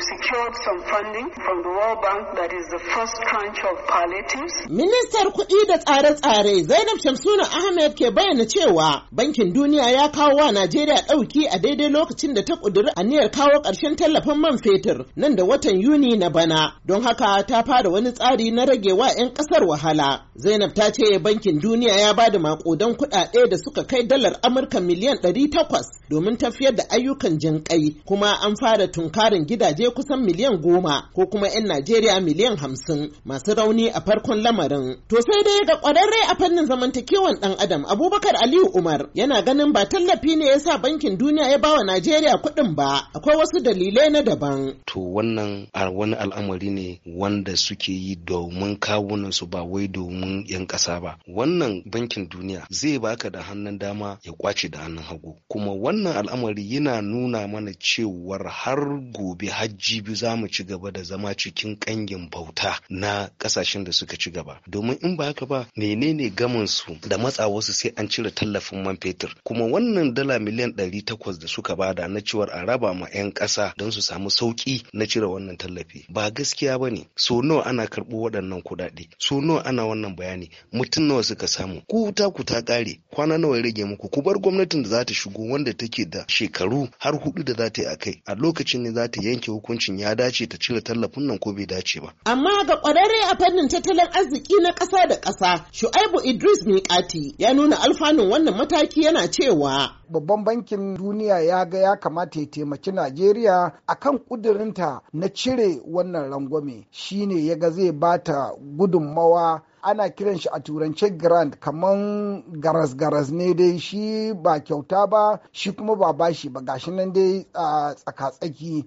We've secured some funding from the World Bank that is the first tranche of palliatives. Ministar kuɗi da tsare-tsare Zainab Shamsuna Ahmed ke bayyana cewa Bankin Duniya ya kawo wa Najeriya ɗauki a daidai lokacin da ta ƙudiri aniyar kawo ƙarshen tallafin man fetur nan da watan Yuni na bana. Don haka ta fara wani tsari na rage wa 'yan ƙasar wahala. Zainab ta ce Bankin Duniya ya ba da maƙudan kuɗaɗe da suka kai dalar Amurka miliyan ɗari takwas domin tafiyar da ayyukan jinƙai kuma an fara tunkarin gidaje kusan miliyan goma ko kuma 'yan Najeriya miliyan hamsin masu rauni a farkon lamarin. To sai dai ga kwararre a fannin zamantakewan ɗan adam Abubakar Aliyu Umar yana ganin ba tallafi ne ya sa bankin duniya ya bawa Najeriya kuɗin ba akwai wasu dalilai na daban. To wannan wani al'amari ne wanda suke yi domin kawunan su ba wai domin 'yan ƙasa ba. Wannan bankin duniya zai baka da hannun dama ya kwace da hannun hagu. Kuma wannan al'amari yana nuna mana cewar har gobe har jibi za mu ci gaba da zama cikin kangin bauta na kasashen da suka ci gaba domin in ba haka ba menene gamin su da matsa wasu sai an cire tallafin man fetur kuma wannan dala miliyan ɗari takwas da suka bada na cewar a raba ma 'yan ƙasa don su samu sauƙi na cire wannan tallafi ba gaskiya ba ne so nawa ana karɓo waɗannan kuɗaɗe so nawa ana wannan bayani mutum nawa suka samu ku ta ku ta ƙare kwana nawa ya rage muku ku bar gwamnatin da za ta shigo wanda take da shekaru har hudu da za ta yi a kai a lokacin ne za ta yanke hukunci hukuncin ya dace ta cire tallafin nan ko bai dace ba. Amma ga kwararre a fannin tattalin arziki na ƙasa da ƙasa Shu'aibu Idris Miƙati ya nuna alfanun wannan mataki yana cewa babban bankin duniya ya ga ya kamata ya taimaki najeriya akan kudurinta na cire wannan rangwame shine ya ga zai bata gudunmawa ana kiran shi a turance grand kaman garas-garas ne dai shi ba kyauta ba shi kuma ba bashi ba gashi nan dai a tsaka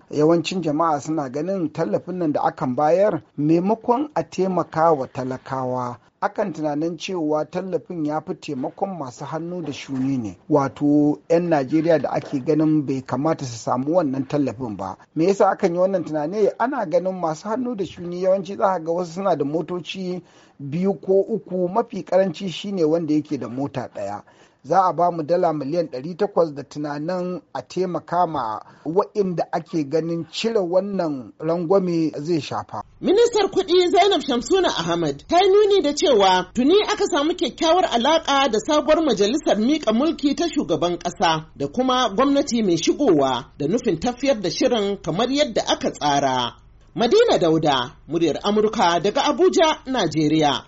yawancin jama'a suna ganin tallafin nan da akan bayar maimakon a taimaka wa talakawa akan tunanin cewa tallafin ya fi taimakon masu hannu da shuni ne wato 'yan najeriya da ake ganin bai kamata su samu wannan tallafin ba me yasa akan yi wannan tunani ana ganin masu hannu da shuni yawanci za ga wasu suna da motoci biyu ko uku mafi karanci shine wanda yake da mota ɗaya za a ba mu dala miliyan 800 da tunanin a taimaka ma wa'inda ake ganin cire wannan rangwame zai shafa. Ministar kuɗi Zainab Shamsuna Ahmad ta yi nuni da cewa tuni aka samu kyakkyawar alaƙa da sabuwar majalisar miƙa mulki ta shugaban ƙasa da kuma gwamnati mai shigowa da nufin tafiyar da shirin kamar yadda aka tsara. Madina Dauda, muryar Amurka daga Abuja, Najeriya.